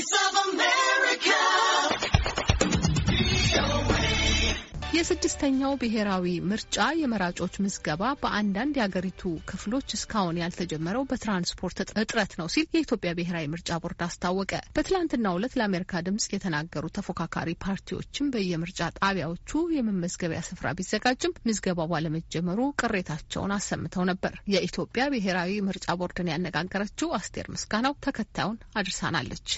Voice of America. የስድስተኛው ብሔራዊ ምርጫ የመራጮች ምዝገባ በአንዳንድ የአገሪቱ ክፍሎች እስካሁን ያልተጀመረው በትራንስፖርት እጥረት ነው ሲል የኢትዮጵያ ብሔራዊ ምርጫ ቦርድ አስታወቀ። በትላንትናው ዕለት ለአሜሪካ ድምጽ የተናገሩ ተፎካካሪ ፓርቲዎችም በየምርጫ ጣቢያዎቹ የመመዝገቢያ ስፍራ ቢዘጋጅም ምዝገባው ባለመጀመሩ ቅሬታቸውን አሰምተው ነበር። የኢትዮጵያ ብሔራዊ ምርጫ ቦርድን ያነጋገረችው አስቴር ምስጋናው ተከታዩን አድርሳናለች።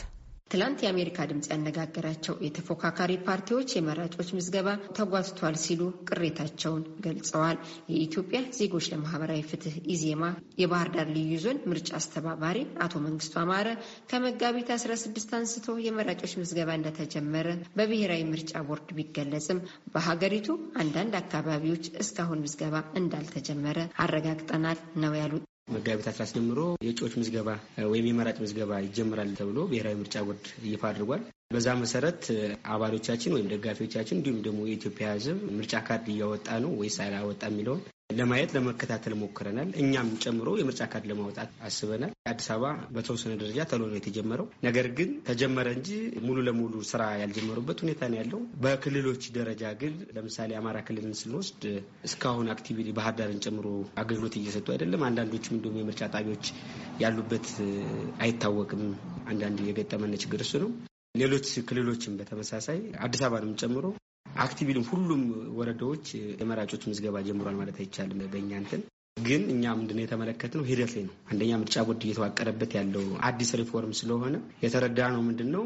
ትላንት የአሜሪካ ድምፅ ያነጋገራቸው የተፎካካሪ ፓርቲዎች የመራጮች ምዝገባ ተጓትቷል ሲሉ ቅሬታቸውን ገልጸዋል። የኢትዮጵያ ዜጎች ለማህበራዊ ፍትህ ኢዜማ የባህር ዳር ልዩ ዞን ምርጫ አስተባባሪ አቶ መንግስቱ አማረ ከመጋቢት 16 አንስቶ የመራጮች ምዝገባ እንደተጀመረ በብሔራዊ ምርጫ ቦርድ ቢገለጽም በሀገሪቱ አንዳንድ አካባቢዎች እስካሁን ምዝገባ እንዳልተጀመረ አረጋግጠናል ነው ያሉት። መጋቢት አስራ ጀምሮ የእጩዎች ምዝገባ ወይም የመራጭ ምዝገባ ይጀምራል ተብሎ ብሔራዊ ምርጫ ቦርድ ይፋ አድርጓል። በዛ መሰረት አባሎቻችን ወይም ደጋፊዎቻችን እንዲሁም ደግሞ የኢትዮጵያ ሕዝብ ምርጫ ካርድ እያወጣ ነው ወይስ አላወጣ የሚለውን ለማየት ለመከታተል ሞክረናል። እኛም ጨምሮ የምርጫ ካርድ ለማውጣት አስበናል። አዲስ አበባ በተወሰነ ደረጃ ተሎ ነው የተጀመረው። ነገር ግን ተጀመረ እንጂ ሙሉ ለሙሉ ስራ ያልጀመሩበት ሁኔታ ነው ያለው። በክልሎች ደረጃ ግን ለምሳሌ አማራ ክልልን ስንወስድ እስካሁን አክቲቪ ባህር ዳርን ጨምሮ አገልግሎት እየሰጡ አይደለም። አንዳንዶችም እንዲሁም የምርጫ ጣቢያዎች ያሉበት አይታወቅም። አንዳንድ የገጠመን ችግር እሱ ነው። ሌሎች ክልሎችን በተመሳሳይ አዲስ አበባንም ጨምሮ አክቲቪሊም ሁሉም ወረዳዎች የመራጮች ምዝገባ ጀምሯል ማለት አይቻልም። በእኛ እንትን ግን እኛ ምንድነው የተመለከትነው ሂደት ላይ ነው። አንደኛ ምርጫ ቦርድ እየተዋቀረበት ያለው አዲስ ሪፎርም ስለሆነ የተረዳ ምንድን ምንድነው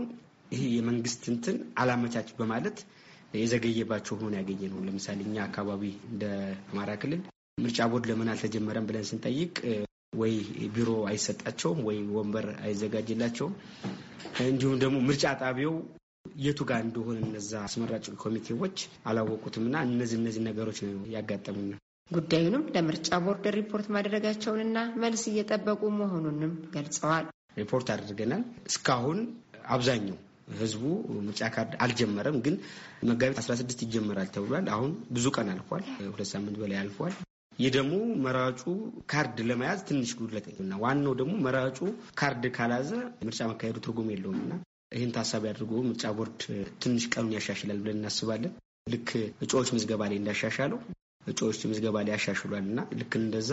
ይህ የመንግስት እንትን አላመቻች በማለት የዘገየባቸው ሆኖ ያገኘ ነው። ለምሳሌ እኛ አካባቢ እንደ አማራ ክልል ምርጫ ቦርድ ለምን አልተጀመረም ብለን ስንጠይቅ ወይ ቢሮ አይሰጣቸውም ወይ ወንበር አይዘጋጅላቸውም እንዲሁም ደግሞ ምርጫ ጣቢያው የቱ ጋር እንደሆነ እነዛ አስመራጭ ኮሚቴዎች አላወቁትምና እነዚህ እነዚህ ነገሮች ነው ያጋጠሙና ጉዳዩንም ለምርጫ ቦርድ ሪፖርት ማድረጋቸውንና መልስ እየጠበቁ መሆኑንም ገልጸዋል። ሪፖርት አድርገናል። እስካሁን አብዛኛው ህዝቡ ምርጫ ካርድ አልጀመረም፣ ግን መጋቢት 16 ይጀመራል ተብሏል። አሁን ብዙ ቀን አልፏል፣ ሁለት ሳምንት በላይ አልፏል። ይህ ደግሞ መራጩ ካርድ ለመያዝ ትንሽ ጉድለት እና ዋናው ደግሞ መራጩ ካርድ ካላዘ ምርጫ መካሄዱ ትርጉም የለውም እና ይህን ታሳቢ አድርጎ ምርጫ ቦርድ ትንሽ ቀኑን ያሻሽላል ብለን እናስባለን። ልክ እጩዎች ምዝገባ ላይ እንዳሻሻለው እጩዎች ምዝገባ ላይ ያሻሽሏል እና ልክ እንደዛ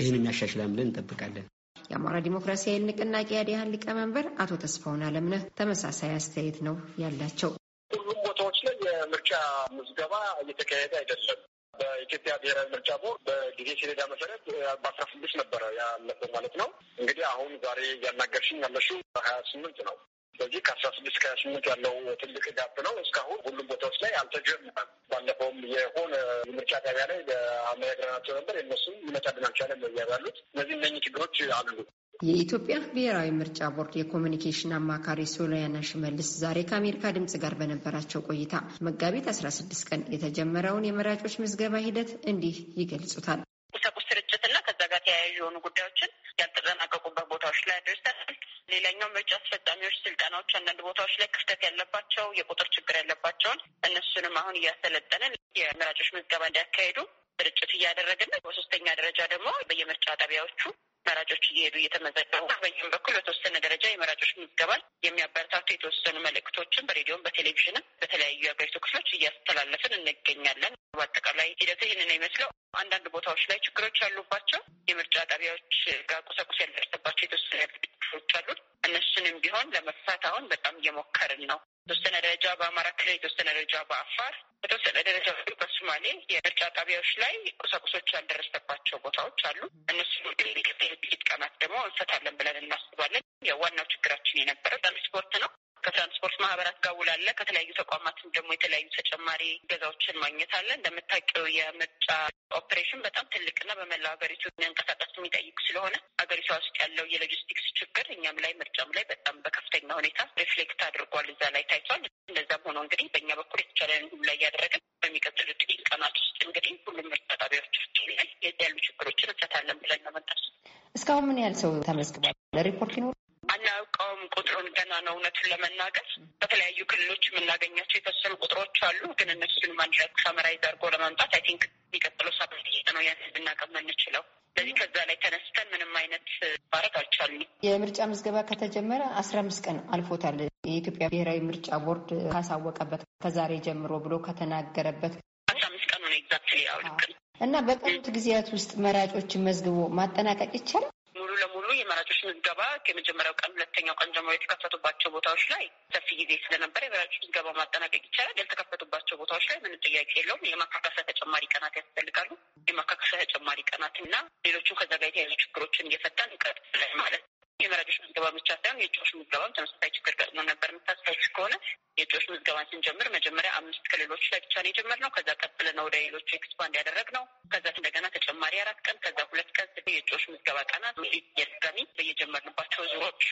ይህንም ያሻሽላል ብለን እንጠብቃለን። የአማራ ዲሞክራሲያዊ ንቅናቄ ያዲህን ሊቀመንበር አቶ ተስፋውን አለምነህ ተመሳሳይ አስተያየት ነው ያላቸው። ሁሉም ቦታዎች ላይ የምርጫ ምዝገባ እየተካሄደ አይደለም። በኢትዮጵያ ብሔራዊ ምርጫ ቦርድ በጊዜ ሰሌዳ መሰረት በአስራ ስድስት ነበረ ያለበት ማለት ነው። እንግዲህ አሁን ዛሬ ያናገርሽኝ ያለሽው ሀያ ስምንት ነው። ስለዚህ ስድስት ከሀያ ስምንት ያለው ትልቅ ጋፕ ነው። እስካሁን ሁሉም ቦታዎች ላይ አልተጀመረም። ባለፈውም የሆነ ምርጫ ጣቢያ ላይ በአነጋግረናቸው ነበር። የነሱም ይመጣልን አልቻለም ያሉት። እነዚህ እነኚህ ችግሮች አሉ። የኢትዮጵያ ብሔራዊ ምርጫ ቦርድ የኮሚኒኬሽን አማካሪ ሶሊያና ሽመልስ ዛሬ ከአሜሪካ ድምጽ ጋር በነበራቸው ቆይታ መጋቢት 16 ቀን የተጀመረውን የመራጮች ምዝገባ ሂደት እንዲህ ይገልጹታል። ቁሳቁስ ስርጭትና ከዛ ጋር ተያያዥ የሆኑ ጉዳዮችን ያልተጠናቀቁበት ቦታዎች ላይ አድርሰናል። ሌላኛው ምርጫ አስፈጻሚዎች ስልጠናዎች አንዳንድ ቦታዎች ላይ ክፍተት ያለባቸው የቁጥር ችግር ያለባቸውን እነሱንም አሁን እያሰለጠንን የመራጮች ምዝገባ እንዲያካሄዱ ስርጭት እያደረግን በሶስተኛ ደረጃ ደግሞ በየምርጫ ጣቢያዎቹ መራጮች እየሄዱ እየተመዘገቡ በዚህም በኩል በተወሰነ ደረጃ የመራጮች ምዝገባል የሚያበረታቱ የተወሰኑ መልእክቶችን በሬዲዮም በቴሌቪዥንም በተለያዩ የሀገሪቱ ክፍሎች እያስተላለፍን እንገኛለን። በአጠቃላይ ሂደቱ ይህንን ይመስለው። አንዳንድ ቦታዎች ላይ ችግሮች ያሉባቸው የምርጫ ጣቢያዎች ጋር ቁሳቁስ ያልደረሰባቸው የተወሰነ ዘርፎች አሉት። እነሱንም ቢሆን ለመፍታት አሁን በጣም እየሞከርን ነው። የተወሰነ ደረጃ በአማራ ክልል፣ የተወሰነ ደረጃ በአፋር፣ በተወሰነ ደረጃ በሶማሌ የምርጫ ጣቢያዎች ላይ ቁሳቁሶች ያልደረሰባቸው ቦታዎች አሉ። እነሱ ጥቂት ቀናት ደግሞ እንፈታለን ብለን እናስባለን። የዋናው ችግራችን የነበረ ትራንስፖርት ነው። ከትራንስፖርት ማህበራት ጋር ውላለ ከተለያዩ ተቋማትም ደግሞ የተለያዩ ተጨማሪ ገዛዎችን ማግኘት አለ። እንደምታውቂው የምርጫ ኦፕሬሽን በጣም ትልቅና በመላው ሀገሪቱ መንቀሳቀስ የሚጠይቅ ስለሆነ ሀገሪቷ ውስጥ ያለው የሎጂስቲክስ እኛም ላይ ምርጫም ላይ በጣም በከፍተኛ ሁኔታ ሪፍሌክት አድርጓል፣ እዛ ላይ ታይቷል። እነዛም ሆኖ እንግዲህ በእኛ በኩል የተቻለን ሁሉ ላይ እያደረግን በሚቀጥሉት ጥቂት ቀናት ውስጥ እንግዲህ ሁሉም ምርጫ ጣቢያዎች ላይ ያሉ ችግሮችን እንፈታለን ብለን ነው መንጠር። እስካሁን ምን ያህል ሰው ተመዝግቧል? ሪፖርት ይኖሩ አናውቀውም። ቁጥሩን ገና ነው። እውነቱን ለመናገር በተለያዩ ክልሎች የምናገኛቸው የተወሰኑ ቁጥሮች አሉ፣ ግን እነሱን ማንድረግ ሰመራይዝ አድርጎ ለመምጣት አይ ቲንክ የሚቀጥለው ሳምንት ነው ያን ልናቀም የምንችለው። ስለዚህ ከዛ ላይ ተነስተን ምንም አይነት የምርጫ ምዝገባ ከተጀመረ አስራ አምስት ቀን አልፎታል። የኢትዮጵያ ብሔራዊ ምርጫ ቦርድ ካሳወቀበት ከዛሬ ጀምሮ ብሎ ከተናገረበት እና በቀኑት ጊዜያት ውስጥ መራጮችን መዝግቦ ማጠናቀቅ ይቻላል። ሙሉ ለሙሉ የመራጮች ምዝገባ ከመጀመሪያው ቀን ሁለተኛው ቀን ጀምሮ የተከፈቱባቸው ቦታዎች ላይ ሰፊ ጊዜ ስለነበረ የመራጮች ምዝገባ ማጠናቀቅ ይቻላል። ያልተከፈቱባቸው ቦታዎች ላይ ምንም ጥያቄ የለውም። የማካካሻ ተጨማሪ ቀናት ያስፈልጋሉ። የማካካሻ ተጨማሪ ቀናት እና ሌሎቹም ከዛ ጋር የተያዙ ችግሮችን እየፈታን እንቀጥላለን ማለት ነው። የመራጮች ምዝገባ ብቻ ሳይሆን የእጩዎች ምዝገባም ተመሳሳይ ችግር ገጥሞ ነበር። የምታስታውሱ ከሆነ የእጩዎች ምዝገባን ስንጀምር መጀመሪያ አምስት ክልሎች ላይ ብቻ ነው የጀመርነው። ከዛ ቀጥለ ነው ወደ ሌሎች ኤክስፓንድ ያደረግነው። ከዛ እንደገና ተጨማሪ አራት ቀን ከዛ ሁለት ቀን የእጩዎች ምዝገባ ቀናት ድጋሚ እየጀመርንባቸው ዙሮች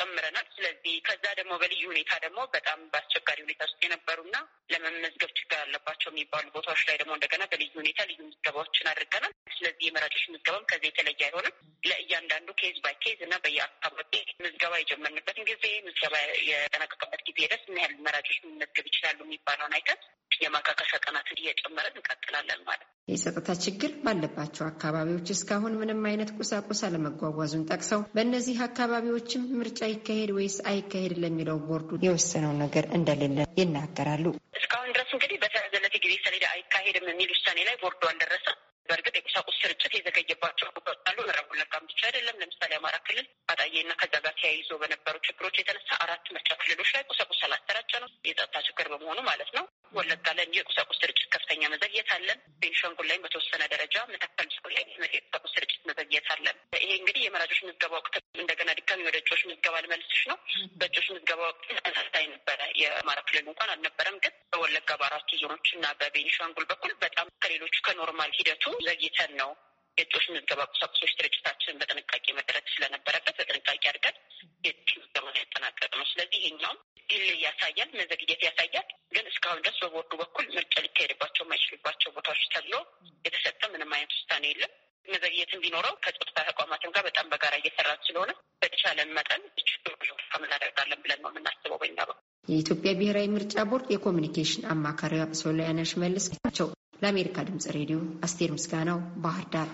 ጨምረናል። ስለዚህ ከዛ ደግሞ በልዩ ሁኔታ ደግሞ በጣም በአስቸጋሪ ሁኔታ ውስጥ የነበሩና ለመመዝገብ ችግር አለባቸው የሚባሉ ቦታዎች ላይ ደግሞ እንደገና በልዩ ሁኔታ ልዩ ምዝገባዎችን አድርገናል። ስለዚህ የመራጮች ምዝገባም ከዚህ የተለየ አይሆንም። ለእያንዳንዱ ኬዝ ባይ ኬዝ እና በየአካባቢ ምዝገባ የጀመርንበትን ጊዜ ምዝገባ የጠናቀቀበት ጊዜ ደስ ምን ያህል መራጮች መመዝገብ ይችላሉ የሚባለውን አይተን የማካከሻ ቀናትን እየጨመረን እንቀጥላለን ማለት ነው። የጸጥታ ችግር ባለባቸው አካባቢዎች እስካሁን ምንም አይነት ቁሳቁስ አለመጓጓዙን ጠቅሰው በእነዚህ አካባቢዎችም ምርጫ ይካሄድ ወይስ አይካሄድ ለሚለው ቦርዱ የወሰነው ነገር እንደሌለ ይናገራሉ። እስካሁን ድረስ እንግዲህ በተያዘለት ጊዜ ሰሌዳ አይካሄድም የሚል ውሳኔ ላይ ቦርዱ አልደረሰም። በእርግጥ የቁሳቁስ ስርጭት የዘገየባቸው አሉ። ምዕራብ ወለጋም ብቻ አይደለም። ለምሳሌ አማራ ክልል አጣዬና ከዛ ጋር ተያይዞ በነበሩ ችግሮች የተነሳ አራት ምርጫ ክልሎች ላይ ቁሳቁስ አላሰራጨ ነው የጸጥታ ችግር በመሆኑ ማለት ነው። ወለጋ ላይ የቁሳቁስ ስርጭት ከፍተኛ መዘግየት አለን። ቤንሻንጉል ላይም በተወሰነ ደረጃ መተከል ሰው ላይ የቁሳቁስ ስርጭት መዘግየት አለን። ይሄ እንግዲህ የመራጮች ምዝገባ ወቅት እንደገና ድጋሚ ወደ እጩዎች ምዝገባ ልመልስሽ ነው። በእጩዎች ምዝገባ ወቅት ተሳሳይ ነበረ። የአማራ ክልል እንኳን አልነበረም። ግን በወለጋ በአራቱ ዞኖች እና በቤኒሻንጉል በኩል በጣም ከሌሎቹ ከኖርማል ሂደቱ ዘግይተን ነው የእጆች ምዝገባ ቁሳቁሶች ድርጅታችንን በጥንቃቄ መደረግ ስለነበረበት በጥንቃቄ አድርገን የእጅ ምዝገባ ያጠናቀቅ ነው። ስለዚህ ይህኛውም ድል ያሳያል፣ መዘግየት ያሳያል። ግን እስካሁን ድረስ በቦርዱ በኩል ምርጫ ሊካሄድባቸው የማይችልባቸው ቦታዎች ተብሎ የተሰጠ ምንም አይነት ውሳኔ የለም። መዘግየትን ቢኖረው ከጸጥታ ተቋማትም ጋር በጣም በጋራ እየሰራን ስለሆነ በተቻለን መጠን እናደርጋለን ብለን ነው የምናስበው በኛ በኩል። የኢትዮጵያ ብሔራዊ ምርጫ ቦርድ የኮሚኒኬሽን አማካሪዋ ሶሊያና ሽመልስ ናቸው። ለአሜሪካ ድምፅ ሬዲዮ አስቴር ምስጋናው ባህር ዳር